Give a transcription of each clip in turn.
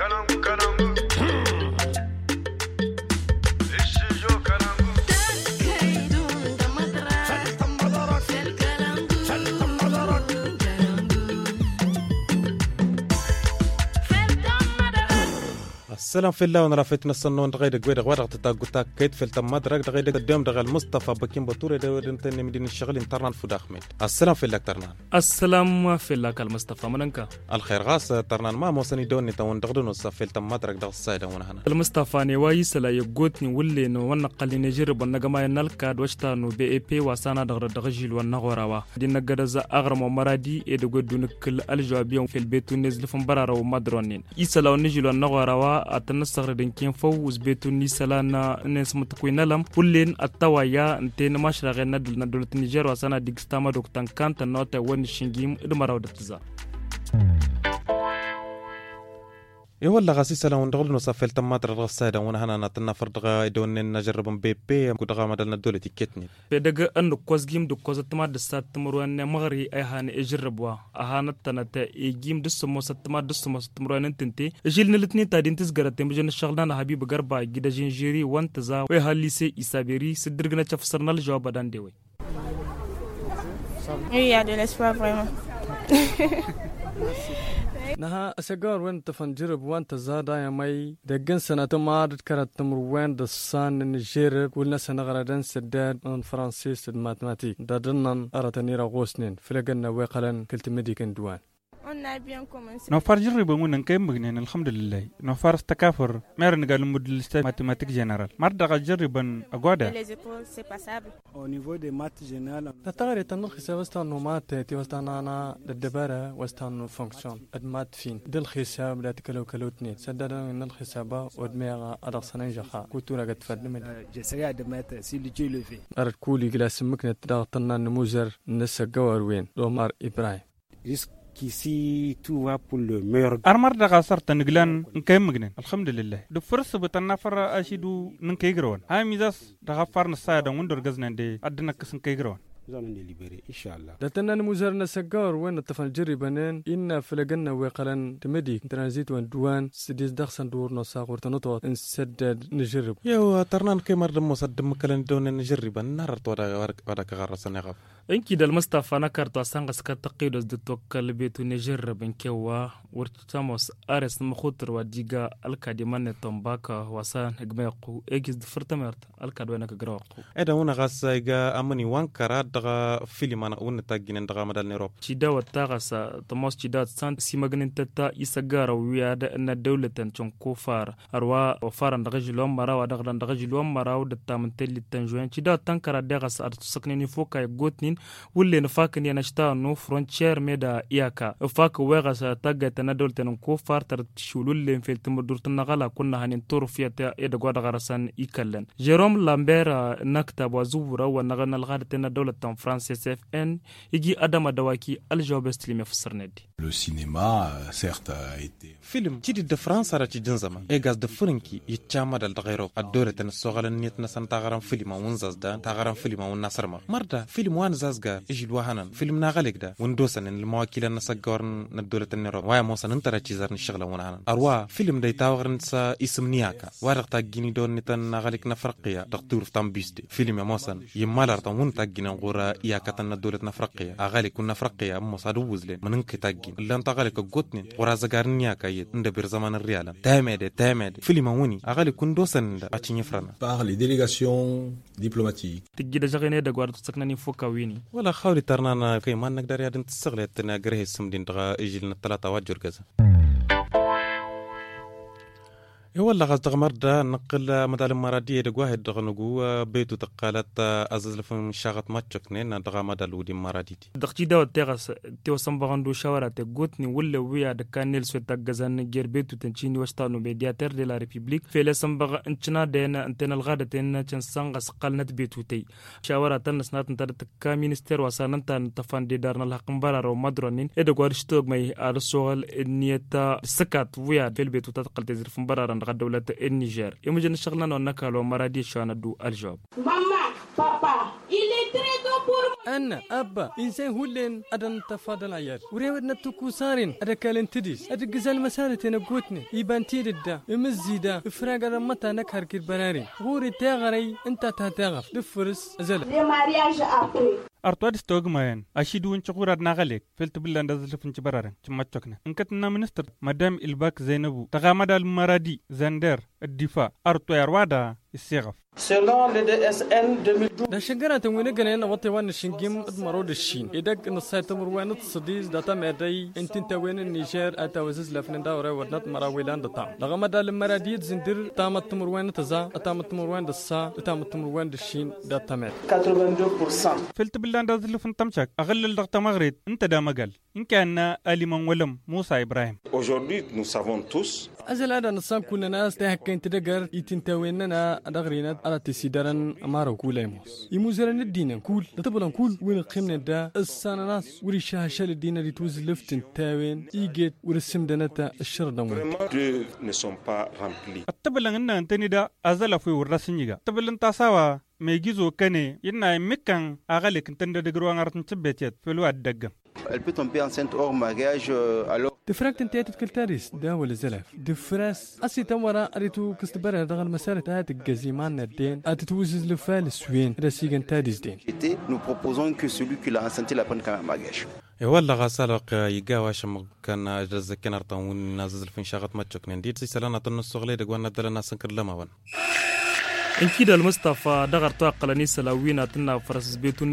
Caramba, caramba. سلام في الله ونرافت نسنون دغيد غير غير غير تتا قوتا كيت في التم غير دغيد قدام دغ المصطفى بكين بطوري دغيد انتن مدين الشغل انترنان فود احمد السلام في الله ترنان السلام في الله المصطفى مننكا الخير غاس ترنان ما موسني دوني تون دغدون وصف في التم مدرك دغ السايدة ونهنا المصطفى نواي سلا يقوتني ولي نو ونقل نجرب ونقما ينالكا دوشتا نو بي اي بي واسانا دغ دغجيل ونغوراوا دي نقدز اغرم ومرادي يدغدون كل الجوابيون في البيت ونزل فنبرارا ومدرونين يسلا ونجيل ونغوراوا sagre den kien fo uzbetun ni sala na ne smut ku nalam ullen attawa ya nte na na dul na dul niger wa sana digstama dok tankanta nota wen shingim idmarawda اي والله غاسي سلا ونغل نصفل تماتر الغسادة وانا هنا نتنا فرد غا دون نجرب بي مبيبي كود غا مدلنا دولة بي دغ ان كوز جيم دو كوز تما دسات تمرو ان مغري اي هان اجرب وا اهان تنتا اي جيم دس مو ستما دس مو ستمرو ان تنتي جيل نلتني تا دين تسغر تمجن الشغلان حبيب غربا جدا جنجيري وان تزا وي سي اسابيري سدرغنا تشفسرنا الجواب دان دي وي اي يا دي de l'espoir vraiment. naha asagor wen tafan jirib wan ta zadaya mai daggan sanata maadad karat tamur wen da san ni jirib wulna sanagaradan sadad on francis matematik dadannan aratanira gosnin filaganna weqalan kiltimidi kan duwan قلنا بينكم نوفر جربوا من نكيم بغنين الحمد لله نوفر استكافر مير نقال موديل ماتماتيك جنرال مرة جربا أقوادا تتغير تنخيس وستان مات تي وستان أنا الدبارة وستان فونكسيون أدمات فين دل خيساب لا تكلو كلو كلوتني سددا من الخيسابة ودميغا سنين جخا كوتو كوتورا قد فدمت جسريا دمات سيلي جيلو في أرد كولي مكنت دا تنان نموزر نسا قوار وين دومار إبراهيم ريسك كيسي توا بول مير ارمر دغا صرت نغلان نكيم مغنن الحمد لله دو فرس بتنا فر اشيدو نكيغرون هاي ميزاس دغا فرن سايدا وندر غزنن دي ادنا كس نكيغرون زمان ليبيري ان شاء الله دتنا مزارنا سجار وين الطفل جري بنان ان فلقنا وقلن تمدي ترانزيت وان دوان سديس دخس ندور نصا غور تنطوط نسدد نجرب يا ترنان كيمر دمو صدم كلن دون نجرب نار تو ورك ورك غرسنا غف انكي دال مصطفى نكر توسان سكا تقيدوس دو توكل بيتو نيجر بنكوا ورتاموس ارس مخوتر وديغا الكادي من تومباكا وسان هجميقو اكس دفرتمرت الكاد وينك غراقو ادا ونا غاسايغا امني وان كرا دغا فيلم انا ون تاغين دغا مدال نيروب تشيدا وتاغاسا توموس تشيدا سان سيماغن تتا يسغارا ويادا ان دولتن تشونكوفار اروا وفارن دغج لوم مرا ودغدن دغج لوم مرا ودتامن تلي تنجوين تشيدا تنكرا دغاس ارتسكنين فوكاي غوتنين wulle na fakin yana shita no frontier me da iyaka faka wega sa tagga ta na dolta nan ko fartar shululle fel timur durtun na gala kunna hanin tur fiya ta yada gwada garasan ikallen jerome lambert nakta wa zuwura wa na ganal gada ta na dolatan france cfn igi adama dawaki aljabe stilime fsarnedi le cinéma certes a été film jidi de france ara ci dinzama e gas de furinki yiccama dal da gairo adore tan sogalan nit na santa garan film wunzas da ta garan film wun nasarma marda film wan زازغا ايش الوهنا فيلم ناغلك ده وندوسن ان المواكيل ان سجور ندولة النيرو ويا موسى انت تشيزر الشغلة ونهنا اروا فيلم ده يتاوغر انسا اسم نياكا وارغ تاقيني دون نتن ناغلك نفرقية تقطور في تنبيستي فيلم يا موسى يمالر تنون تاقين انغورا اياكا تندولة نفرقية اغالك ونفرقية موسى دووزلين من انك تاقين اللي انت اغالك قوتنين ورا زقار نياكا يد اند برزمان الريالا تامده تامده فيلم اوني اغالك كندوسن ده اتشيني فرنا باغ لي ديليغاسيون دبلوماتيك تجي دجاغيني دقوار تسكنني فوكا ديني ولا خاولي ترنا كيما نقدر يا تستغل تنا كره السم دين تغا اجي ثلاثه واجر كذا إيه والله غاز تغمر دا نقل مدال مرادية دا قواهد دغنقو بيتو تقالت أزاز لفن شاغت ماتشك نين دغا مدال ودي مرادية دغتي داو تيغس تيو سنبغندو شاورا تي تقوتني ولا ويا دكا نيلسو تقزان جير بيتو تنشيني وشتانو ميدياتر دي لا ريبيبليك فيلا لسنبغ انتنا دينا انتنا الغادة تينا تنسان غسقال نت بيتو تي شاورا تنس نات انتا تكا مينستير واسان انتا نتفان دي دارنا الحقن برا رو مدرانين ادا قوارشتوغ مي ارسوغل نيتا سكات ويا في البيتو تتقل تزرفن برا غا دولة النيجر يوم جن شغلنا نكالو مرادي شانا دو الجوب ماما بابا أنا أبا إنسان هولين أدن تفادل عيار وريوة نتوكو سارين أدا تديس أدا قزال نبقوتني إيبان تيد دا إمزي دا إفراغ رمتا نكهر كير بنارين غوري تاغري انتا تهتاغف دفرس أزلا لمارياج أبري artoad stoogmayan ashidun chukurat nagalek feltibilla ndazlifin chibararen chimachokne nkatna minister madam ilbak zainabu tagamadal maradi zander difa artoyar wada الصغف Selon le DSN 2012 da shingana tan wani gane na wata wani shingim maro da shin idan na sai ta murwa na tsadis da ta mai dai in tin ta wani Niger a ta wazis lafin da wara wa nat marawilan da ta daga madalin maradi zindir ta mat murwa na ta za ta mat murwa da sa ta mat murwa da shin da ta mai 82% filtib بلان دازلو فنتمشك أغلل ضغط مغرد أنت دا مقال إن أليمان ولم موسى إبراهيم Aujourd'hui, nous savons tous. أجل أنا نصام كنا ناس تهك كنت يتنتوين يتنتويننا دغرينا على تسيدران أمارو كوليموس يموزران الدين كل نتبلن كل وين قيمنا دا السان ناس وري شاشة الدين اللي توز لفت تنتوين إيجيت ورسم دانتا الشر دمون التبلن إن أنت ندا أزل في ورسنيغا تبلن تاساوا ميجيزو كني ينا مكان أغلق تنددقروا أغرتن تبتيت فلو أدقم دفراك تنتيات كلتاريس داول الزلاف دفراس أسي تورا أريتو كستبرا دغل مسارة هات الجزيمان الدين أتتوزز لفال سوين رسيغن تاديز دين Nous نو بروبوزون كو qui كي لا la لا بون même à gage. والله غسالق يقاوى واش كان اجز كنرطون نازل فين شغط ما تشكن ندير سيسالانا تنص غلي دقوانا دلنا سنكر لما ون inkida almustafa dagar to aqalanisa lawina tana farasas betu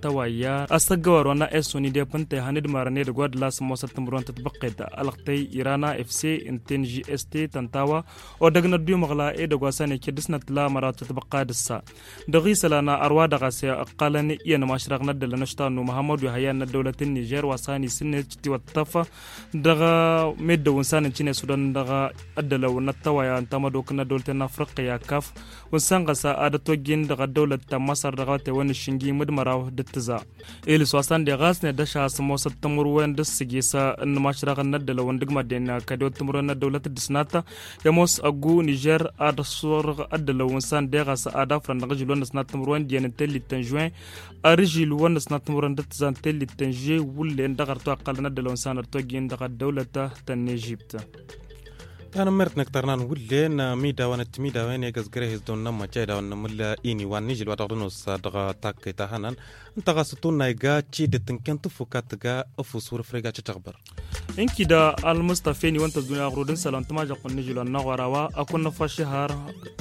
tawaya asagawar wana de pante hanid marane de god las mosa alaqtay irana fc inten gst tantawa o dagna du magla e de gwasane ke disna tla marat tatbaqadissa dagi salana arwa daga se aqalani yan mashraqna muhammadu hayana dawlatin niger wasani sinne chiti wattafa daga medda wonsanin chine sudan daga adalaw tawaya antamado kana afirka ya kaf wasan gasa da togin daga daular ta masar daga ta wani shingi mudmara dittiza ilis wasan da gas ne da shas mosa tamur wen da sige sa in mashira kan da lawan duk madina ka da tamur na daular sinata ya mos agu niger ada a da lawan san da gasa ada fran daga jilon da sanat tamur wen diyan telli tan juin arjil wanda sanat tamur da tizan juin tan je wulle daga to akalla da lawan san da togin daga daular ta ta egypte tanan mert nak tarnan wulle na mi dawanat mi dawan ya gasgare his don nam macha dawan na mulla ini wan ni jilwa tarno sa daga tak ta hanan antaga sutun na ga ci de tinken tu fukat ga ofusur frega ci tagbar inki da al mustafa ni wanta duniya rodin salam tuma ja kunni jilwa na gwarawa akun na fashi har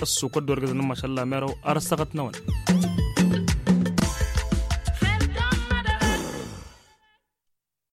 su ko dorga nan mashallah mero ar sagat nawan